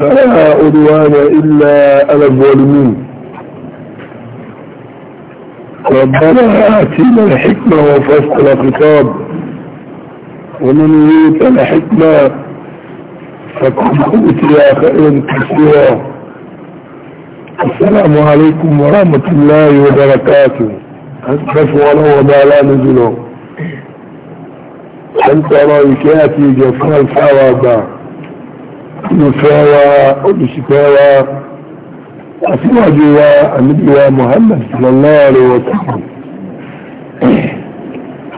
فلا أدوان إلا على الظالمين ربنا آتينا الحكمة وفصل الخطاب ومن يريد الحكمة فقد يا خيرا كثيرا السلام عليكم ورحمة الله وبركاته أسف ولا لا نزله أنت رأيك يأتي جفاء الفوابا نفاوى ونشكاوى أسواجي وأمدي ومهمد صلى الله عليه وسلم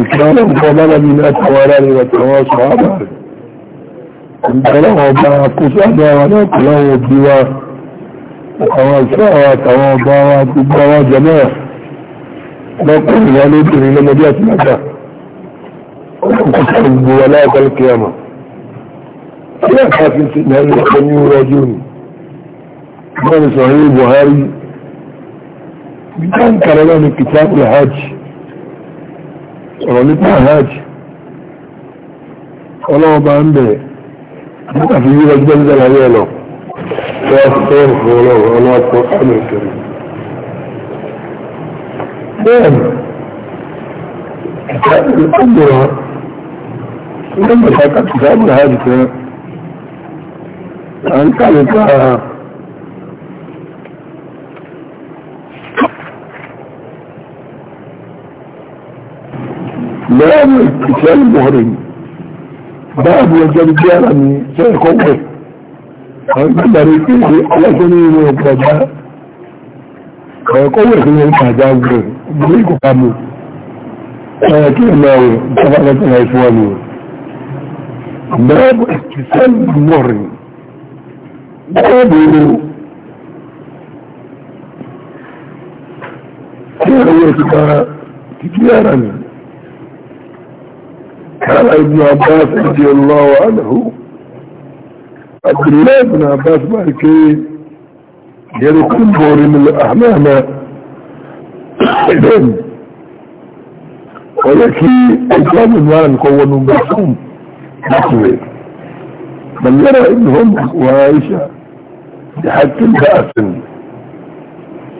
إكرام فضل من أتوالان وتواصل عبار عند له ما قصد ونك له بيوا وقواصا وتواضا وتبا وجماع لكل ولد من مدية مكة وقصد ولاة يبحث في هل يقني وراجوني قال صحيح البخاري بتنكر لهم الكتاب الحاج ولدنا حاج ولو بان به بقى في جيبك بنزل هياله واستغفر الله على القرآن الكريم نعم كتاب الأمرة لما حكت كتاب الحاج كتاب à ń kàlù káà báàbù ìtìlẹ́yìn mọ̀rẹ̀ báàbù ọjọ́ bí ara mi ṣe ẹ̀kọ́ wẹ̀ àwọn ìgbàgbàrí pé ṣe ọlọ́sọ ní ìwọ̀n ọ̀pọ̀dá ẹ̀kọ́ wẹ̀ fún ẹ̀kọ́ àjá gbẹ̀ gbé ìkọ̀pá mi ẹ̀yà kí ẹ̀mọ̀ ọ̀rọ̀ ìjọba lọ́tọ̀ láìfún wa ni báàbù ìtìlẹ́yìn mọ̀rẹ̀ قولوا تجارة تجارة قال ابن عباس رضي الله عنه عبد الله بن عباس باركي يركن بوري من الأحمام إذن ولكي أجاب المال قوة مرسوم بل يرى ابنهم وعائشة بحتى بأس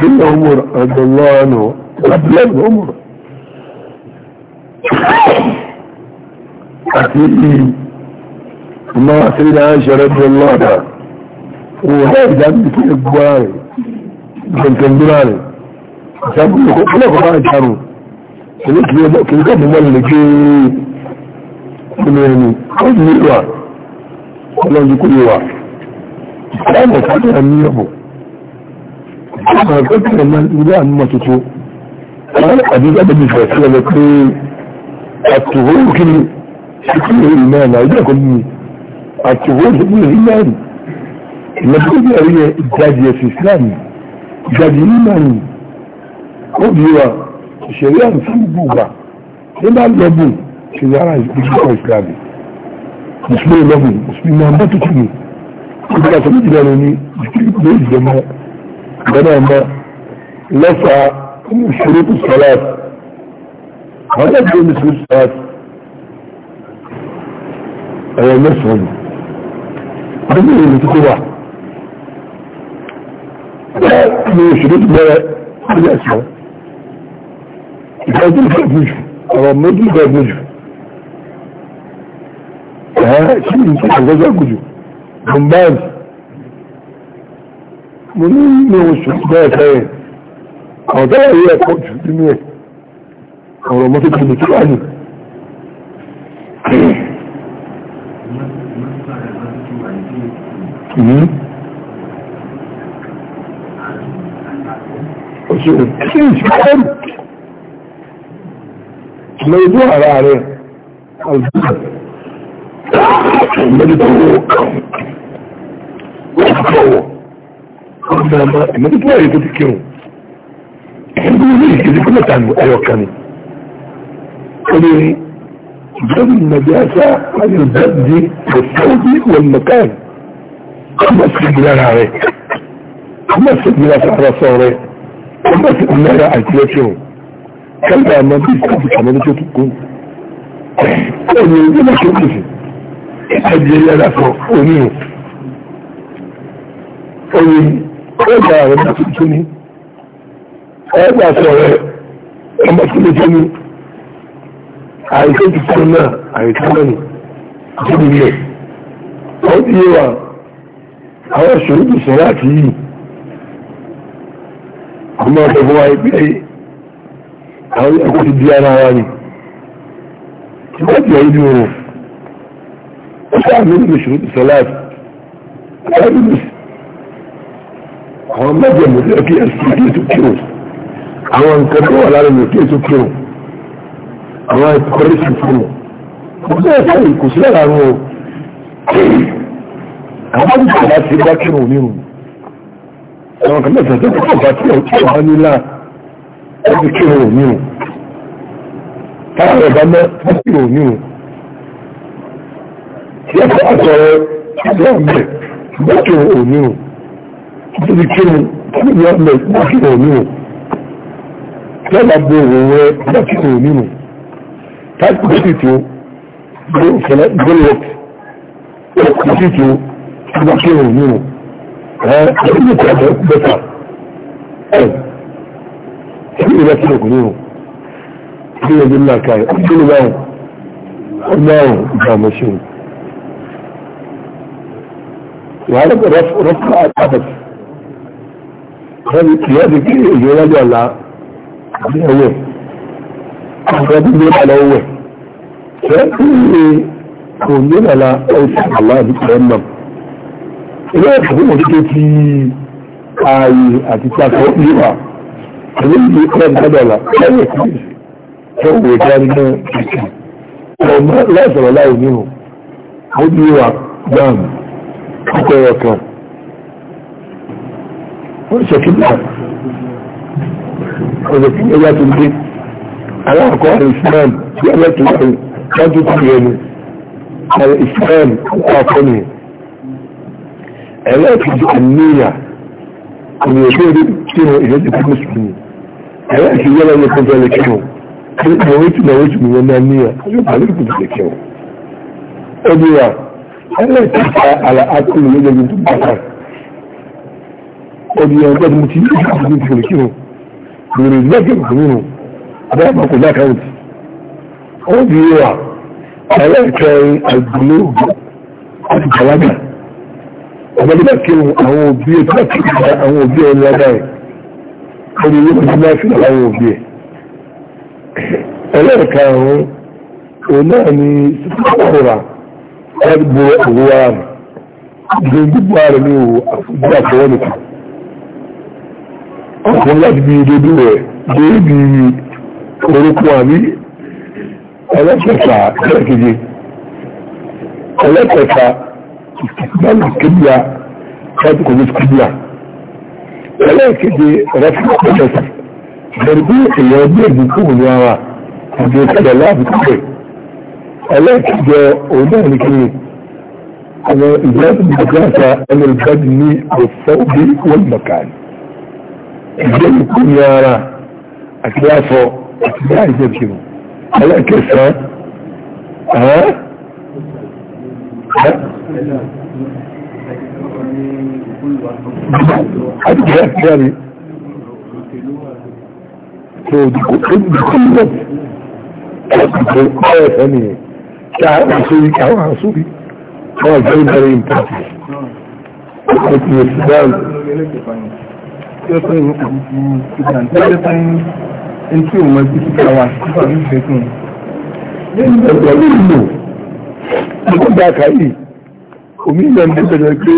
كل عمر رضي الله عنه أبلغ عمر أكيد ما سيد عائشة رضي الله عنها وهذا عندي في أكباري كان كندراني سابقوا لكم ما يجعروا كنت لكم ملكي من يعني قد ملوان ولو يكون واحد ọ̀pọ̀ kọ́kẹ́rẹ̀ ní ọ̀bọ̀ ọ̀pọ̀ kọ́kẹ́rẹ̀ ní ilé àmúmọ̀ tuntun àwọn àdúgbò àti ìfẹ́ sí ọmọ pé àtùwòrò kí ni ìpínlẹ̀ èyí náà náà ìjọ́ kan ní àtùwòrò ìpínlẹ̀ èyí náà rí ìlọ́dúnrún ẹ̀rí yẹ ìdájì ẹ̀sìn ìsìláàmù ìdájì yìí náà rí ó bí wa ìṣẹ̀rí àmì fún gbogbo wa ní bá lọ́bùn ṣe yára ìpínlẹ̀ ìsìláàmù mùsùlùmí lọ́bùn mùsùlùmí náà mọ́tò kìíní nígbà tó méjì lẹ́nu ní méjì lọ mọ́ lọ́nà ọmọ lọ́fà ṣòro tó sọ́lá wọ́n tẹ́ bí omi ṣòro sọ́lá ẹ̀rọ mẹ́sàn-án ni ọdún ìrìn tó tó wà ní òṣèré tó bẹ̀rẹ̀ ní ẹ̀sọ́ ìfẹ́ bombard mo ní ilé oṣù bẹ́ẹ̀ fẹ́rẹ̀ àwọn tẹ́lẹ̀ rí ẹ̀kọ́ jù nínú ẹ̀ ọ̀rọ̀ mọ́tò tó lè tó wà ní Lọ́jọ́ hmm? ara rẹ̀, àlùfáà ìmọ́tótó wọ́n ti kọ́ wọ̀ wọ́n ti máa ma ìmọ́tótó ẹ̀rí tó ti kírun ẹ̀rí ní ìkejì kó mẹ́ta nù ẹ̀yọ̀ kan ni ó lè rí ìjọba ìnàbí àṣà láti lè bẹ́ẹ̀ di òṣèlú ìwọ̀n mọ̀káì ọmọ sí ìgbìlára rẹ̀ ọmọ sí ìgbìlára rẹ̀ sọ rẹ̀ ọmọ sí ìgbìlára àti ẹ̀ṣẹ̀ kẹ́lẹ́ àmọ́ bí ìsọ́ọ̀bù kàmọ́tò tó kú ó ní ìgbìlára tó kù sí ẹ̀jẹ̀ yára fọ oníhùn orí ọgbà rẹ̀ bá tuntun ní ọgbà sọ rẹ̀ ọmọ tuntun ní àìsàn tuntun náà àìsàn náà tóbi rẹ̀ ó ti yé wa àwọn ìṣòro ti sọ láti yìí ọmọ ọ̀sẹ̀fún wa àwọn ẹ̀kọ́ ti di ara wa ni wọ́n ti ẹ̀yìn ní oòrùn ọjọ́ àwọn ìlú ṣòro ti sọláàtì káàbìlì àwọn mẹ́jọ mọ̀tẹ́ kí ẹ̀sìn kí ètò kírun àwọn nǹkan tó wà lára mọ̀tẹ́ ètò kírun àwọn ìkọrẹ́sì fún un kò sí ẹ̀sẹ̀ kò sí ẹ̀rọ àwọn àwọn ìgbà láti bá kírun nírun àwọn kan mẹ́ta tó kọ́ bá tí ọ̀tún wà nílá ẹ̀sìn kírun nírun táwọn ẹ̀bá mẹ́ kírun nírun yàtọ̀ àtọ̀rọ̀ àtọ̀rọ̀ mẹ́ òní o nítorí kíni kíni ni ọmọ ìgbọ́tò òní o lọ́la bo òun rẹ gbọ́tò òní o táìpù sí tó gbọ́lọ̀t ọkùn sí tó gbọ́tò òní o ẹ̀ ẹ̀ ní ìkọ̀ọ̀bẹ̀ bẹ́tà ẹ̀ ẹ̀ ní ìrẹsì òkùnrin o ní ìrẹsì ńlá káyọ̀ ọdún náà ọdún náà ìgbà mọ́ṣẹ́ o. وهذا رفع رفع الحدث هذه القيادة كده الجوال ولا عليها وين أخذ الدين على وين فكل كون لنا لا أوسع الله بكلامنا إذا أخذوا مشكلتي آي أتتاك وقلها فلن يقرأ هذا لا لا يكفيش فهو جارنا لا سوى لا يمينه خذ يوعد دام ọkọ̀ ẹ̀yọ̀ kan wọ́n ṣe kí náà ọ̀rọ̀ kí ẹ̀yà tó dé aláàkọ́ islam tí ẹ̀yà tó dé lọ́dún tó yẹ ni ọ̀rọ̀ islam ọkọ̀ ni ẹ̀yà tó dé àníyà ọ̀rọ̀ ìbéèrè tí wọ́n ìyẹn ti kú mùsùlùmí ẹ̀yà tó yẹ lọ́dún tó yẹ kí wọ́n ẹ̀yà tó yẹ lọ́dún tó yẹ kí wọ́n ẹ̀yà tó yẹ lọ́dún tó yẹ kí wọ́n ẹ̀rọ ìtàkà àkọlù lójoojú tó bá kà ọdún yẹn gbọ́dọ̀ mo ti ní ìṣẹ́ àti ìṣòro kí o lórí ìlú ẹgbẹ́ ìgbà mìíràn abẹ́rẹ́ máa kò dáka òdì ó di wà ẹ̀rọ ìkẹrin àgbélé ògbó àti bàlágà ọ̀gbẹ́ni bẹ́ẹ̀ kí àwọn òbí ẹ̀ tó kí àwọn òbí ẹ̀ lọ́dà ẹ̀ ó ní ilé ìgbà máa fi àwọn òbí ẹ̀ ẹ̀rọ ìkẹrin òun náà ni sípò ẹgbẹ́ òwúwa rẹ̀ gbogbo ààrẹ ní òwò àfúgbà àfọwọ́nìkù ọkùnrin láti bí dédú rẹ̀ débi orúkún àmì ẹlẹ́kẹta ẹlẹ́keje ẹlẹ́kẹta ìsìnkú kébíà láti kò ní kébíà ẹlẹ́keje rẹ̀fún ọ̀pẹ̀lẹ̀sì gbẹ̀rùgbé èèyàn ẹgbẹ́ ìdíkù òmìnira àti ìkẹlẹ̀ láàbùkù rẹ̀ ẹlẹ́kẹjọ onígbàlẹ́kẹ̀lẹ́ àwọn ìgbàlẹ́ bùkátà ẹnìbàdì ní òfòbí wọn mọ̀kàn ìgbẹ́ ìkú ní ara àti láfọ àti ní àìjẹ́ ìṣirò ẹlẹ́kẹsàn án àdìgbà kẹrin tó dùkú tó dùkú lọ ẹ̀ẹ́dẹ̀ẹ́sẹ̀ nìyẹn àwọn àṣírí àwọn àṣírí wọ́n very very important ọkùnrin ti ìsìláàmù Ẹgbẹ̀rún ìlú, ọkùnrin àkàrí, omi ilẹ̀ ń bẹ̀rẹ̀ pé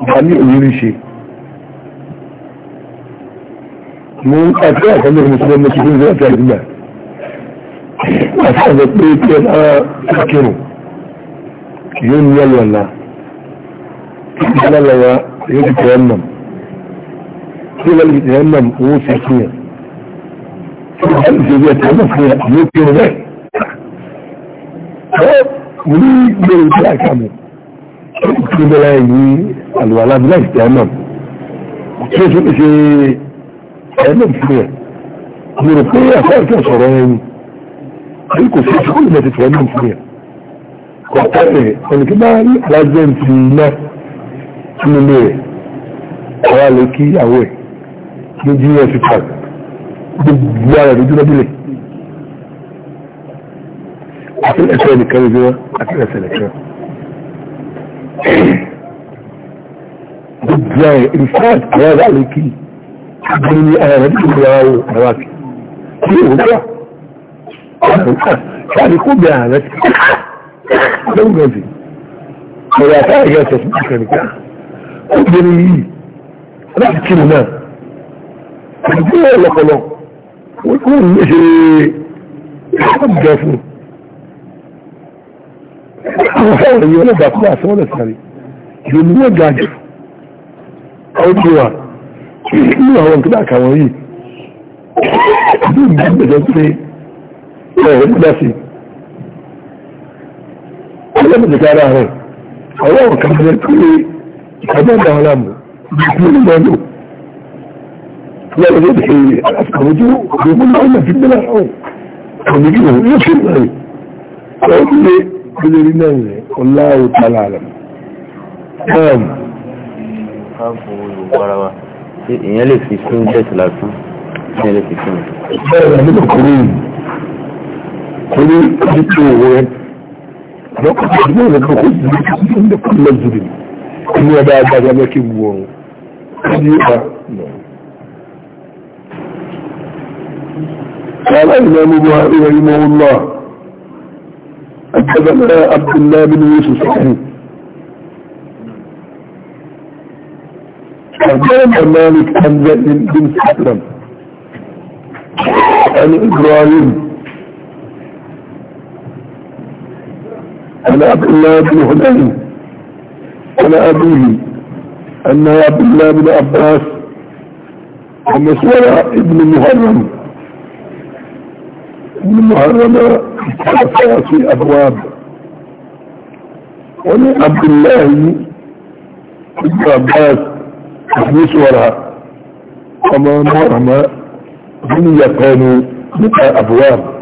ìgbà ní òyìnrí ṣe. Mo ń kàtí àkàrí ọmọ ìṣẹ́lẹ̀ mọ́ àtàwọn pé kí ẹ náà kírun yóò ní ọlọ́lá ìdálọ́lọ́wà yóò ti tẹ̀ ẹ̀nàm tí wọ́n ti tẹ̀ ẹ̀nàm owó ti fún yẹn tí wọ́n ti tẹ̀ ẹ̀tẹ̀ ẹ̀nàm fún yẹn yóò kírun rẹ̀ mo ní gbèrè tí a tí wọ́n bẹ̀rẹ̀ yìí àlùwàlá bí láti tẹ̀ ẹ̀nàm tí wọ́n ti tẹ̀ ẹ̀nàm fún yẹn àbí kò sí ìṣòro ìmọ̀ tuntun ọdún fún yẹn kò tẹ́lẹ̀ ẹnìkí bá rí alájẹ́ǹtì náà nínú ilé rẹ̀ ọ̀rá lè kí ìyàwó ẹ̀ ní gf park gbogbo ara rẹ̀ dúró bílẹ̀ àti ẹsẹ̀ nìkan rẹ̀ dúró àti ẹsẹ̀ nìkan gbogbo ara rẹ̀ in fact àwọn ará lè kí ìgbóni ara rẹ̀ dúró bílẹ̀ àwọn ará kí kí èwo gbà يعني خد يا عمك لو جزي ولا حاجة تصبح لك قدر لي راح تكلمنا قدر ولا خلاص ويكون مش حد جافه وحاول ولا ده خلاص ولا سالي جميع جاجف او جوار ما هو انك داك هوانيه دون جنب جنبه ẹ̀rẹ́ múdá sí ọlọ́mọdéka ara rẹ̀ àwọn ọ̀kan rẹ̀ tó lé ìkàjọ́ ọ̀dà wọn láàmú ìgbìmọ̀ ní wọn lò lọ́wọ́ ló ṣe àkàwójú ògbómọ́ náà nà fi gbé lára ọ̀ òní kí wọ́n yóò ṣe náà rẹ̀ ọ̀rọ̀ tó ìyẹn lè fi kún jẹ́sì lásán ìyẹn lè fi kún. bẹ́ẹ̀ ni ọkùnrin خلي جبته وين وقت قال الإمام البخاري رحمه الله أكد عبد الله بن يوسف أخبرنا مالك عن بن سلم عن إبراهيم على عبد الله بن هدين على أبيه أن عبد الله بن عباس ومسورة ابن محرم ابن محرم اختلفا في أبواب عبد الله بن عباس مسورة وما مهرم هم يكونوا بقى أبواب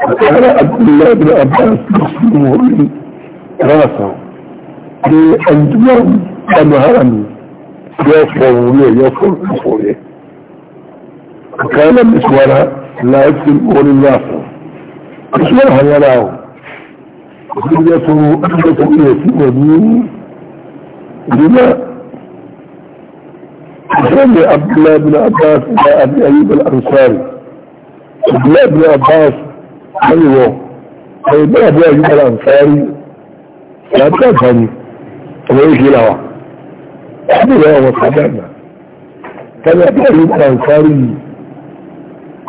فقال عبد الله بن عباس مسلمه راسه لأن يوم أنهرني يصفر لي يصفر يصفر لي مسورة لا يسلم أولي الياسر مسورها يراه يقول يصفر أحدث إلى سيدي لما كان عبد الله بن عباس إلى أبي أيوب الأنصاري عبد الله بن عباس ẹlùwọ̀ ẹgbẹ́ àbúrò àyíkára nfàárí ìyàtọ̀ àǹfààní ọmọ yìí kìí làwà ẹbí rẹ̀ ọmọ sàdáàgbà tẹ́lẹ̀ àbúrò àyíkára nfàárí yìí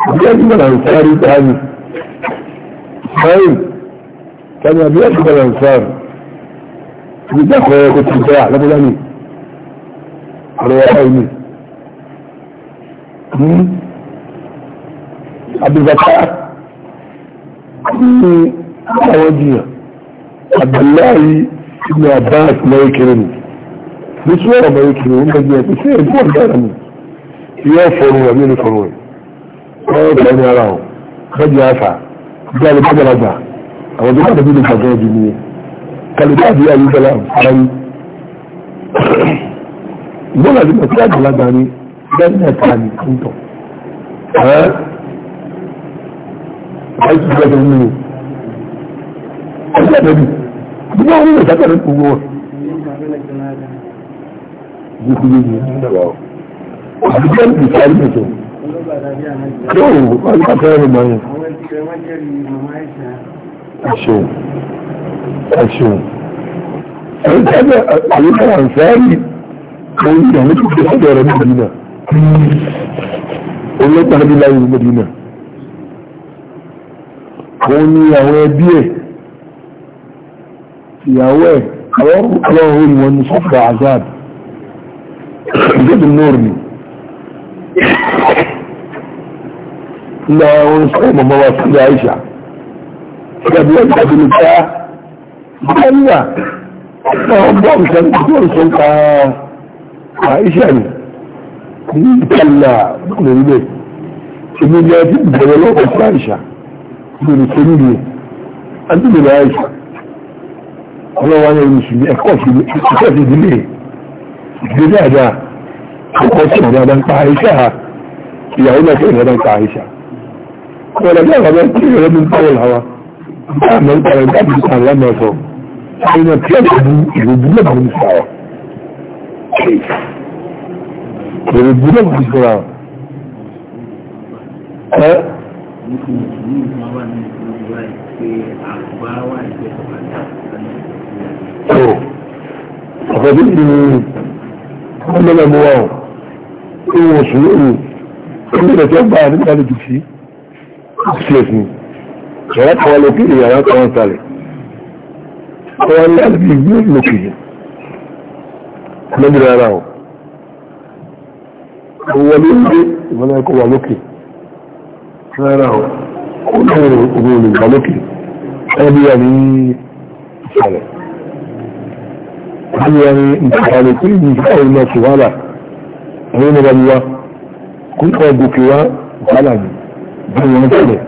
àbúrò àyíkára nfàárí tààrí sáyìn tẹ́lẹ̀ àbúrò àyíkára nfàárí ìgbésẹ̀ kọ̀ọ̀yẹ́ kò ti jẹ́ àlọ́bọ́lá ni àrẹwà báyìí ni Abubakar ní àwọn jìyàn Abdullahi ibn Abbas mẹ́rìkiri ni bí tí wọ́n mẹ́rìkiri wọ́n gbẹ́gbẹ́ pé sí ẹ̀dùn ọ̀dára ni yóò fọ́rù rẹ̀ nínú fọ́rù rẹ̀ wọ́n rẹ̀ ní ara ọ̀ gbẹ́gbẹ́ afa bí alẹ́ gbẹ́gbẹ́lagbà àwọn tó kàdé nínú gbàgbọ́ jù ní kàlùkà àbí ayé gbẹ́lá ara ní ìgbọ́n àti mẹ́tí àgbàlagbà ni gbẹ́gbẹ́ ta ni kúntọ̀ láìsí ìgbẹ́jọ nínú o ọjọ́ ìgbẹ́bí bí wọ́n rí ìgbẹ́jọ rẹ̀ gbogbo wọn. Gbogbo yìí ni ìgbà wa o. Àdúgbò ìgbà ìsáré nìjọ. Yóò wọ́n ní kàtà ẹ̀rọ mọ́ yẹn. Ẹ̀ṣọ́ ẹ̀ṣọ́ ẹ̀ṣọ́ àyíká àǹfààní òun ìyàwó tó fi sọ́dọ̀ rẹ̀ ní Mẹ́dínà. Olóògbé Adébíláyé ní Mẹ́dínà. òun ni ìyàwó ẹbí ẹ̀ ìyàwó ẹ̀ ọlọ́run wọn ni sọ́fà azad ìgbẹ́dùn náà rí ilẹ̀ àwọn sọ́wọ́ mọ̀mọ́ wa sí àìṣà ìgbàdí ẹ̀jẹ̀ àbínú ká gbọ́nà náà bọ́ nǹkan tó ń sọ pa àìṣà ni ní ìtàlà lórílẹ̀ èmi ni ẹbí ìbẹ̀rẹ̀ lọ́kọ̀ọ́ sí àìṣà lórí torí rẹ̀ àdúgbò láìsà ọlọ́wọ́ ní orí ẹ̀kọ́ sí ìdílé ìdílé àjá ọkọ̀ sí ọ̀dọ̀ àdá ń pa àìsà ìyàwó náà sí ọ̀dọ̀ ń pa àìsà ọ̀dọ̀ àdá ń pa àìsà ọ̀dọ̀ ń pa àìsà ọ̀dọ̀ àdá ń pa àìsà ń pa àìsà ọ̀dọ̀ àdá ń pa àìsà ọ̀dọ̀ àdá ń pa àìsà ń pa àìsà ọ̀dọ̀ àdá ń pa nípa ìṣúná ìṣúná wà ní ìṣúná wà pé àgbà wà ìgbẹ́ ọ̀padà tó ọ̀pọ̀ tó ti ọlọ́lọ́ mú wa ọ̀ ìwọ̀n oṣù lóru ìgbẹ́lẹ̀ tó bá nígbà lójú sí ṣílẹ̀ sí yàrá kan lókè yàrá kan sàlẹ̀ ọwọ́ láti ìgbé lókè lọ́dún rárá ọ̀ wọlé ìgbé ìmọ̀lẹ́kọ̀ wà lókè rárá o ọ̀rọ̀ òun olùgbà lókè ẹbí wà ní ìsàlẹ̀ ẹbí wà ní ìsàlẹ̀ pé ìgbà òun lọ sí wàhálà àwọn ọmọ bá mi wá kó kọ́ gòkè wá wàhálà mi bá wọn sílẹ̀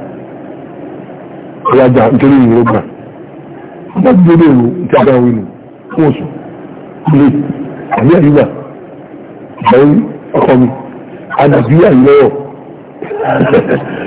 a bá wí nù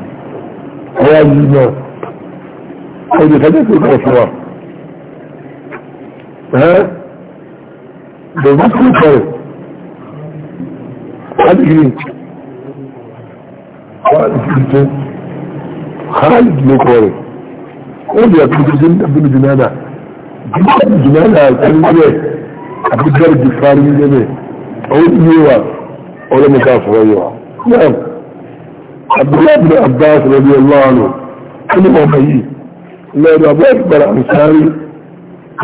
wáyé náà ẹni kẹ́jẹ́ tó kọ̀ fún wa ẹ́ bẹ̀rẹ̀ tó kọ̀ adìrí wáyé Khalid ló kọ̀ rẹ̀ ó lè àtúntò sí abúlé jùmọ́dà jùmọ́dà jùmọ́dà kan jẹ́ àbújá ìdìfárí jẹ́ bẹ́ẹ̀ ó yíwa ọlọ́mọká fọwọ́ yíwa náà عبد الله بن عباس رضي الله عنه ما أمي لا أبو أنصاري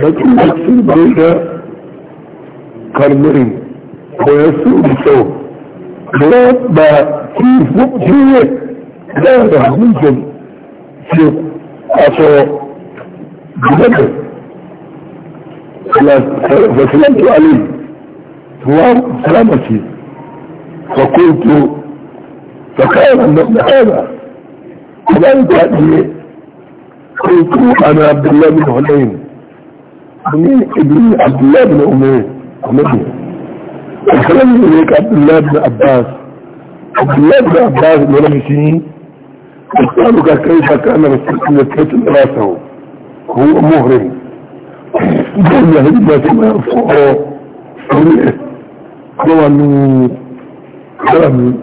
لكن يكسر بين قرنين ويسر بثوب لا كيف مؤتي لا رهوجا في أصو بنبه فسلمت عليه سلامتي فقلت فقال النبي هذا فقال تأتي قلتوا أنا عبد الله بن هلين أمين إبني عبد الله بن أمين أمين أخرج إليك عبد الله بن عباس عبد الله بن عباس من المسيين يسألك كيف كان رسول الله راسه هو مهرم قال له ما تمام فوقه قال له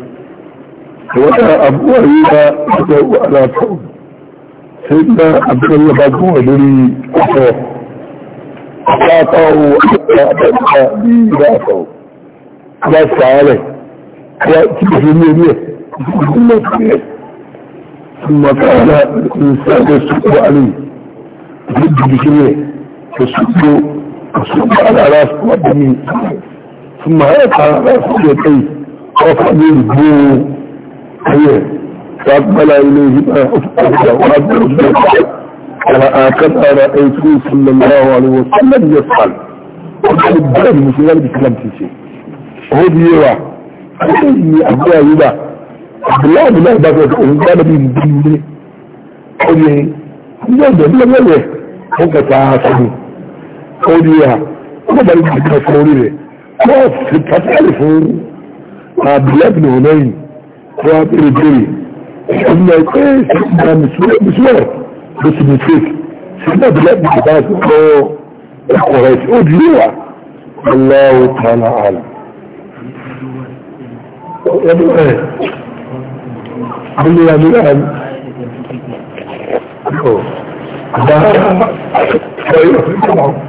ولا أبوهما أدعو على فوق سيدنا عبد الله مجموع لي أخوه أعطاه حتى أبقى لي لا فوق لا استعاله لا تبهمينيه ثم كان الإنسان يسوق عليه يجد بجنيه يسوق يسوق على راسه وبنيه ثم هيك على راسه يديه وفعليه بوه فأقبل إليهما وأدبر رأيته صلى الله عليه وسلم يفعل وقال الدين المسلمان بكلام تيسي هو ديوا أي أبوها يبا الله بن الله بن الله بن قولي الله بن الله بن هو كتاسه قوليها وما بل بكتاسه قولي له ما في التسالف هنين وابر الجري قلنا ايه سيدنا مسواك مسواك بس مسواك سيدنا بلاد مقباس اوه القريش ادلوع الله تعالى اعلم يدعو ايه قل لي يا ملان اوه ده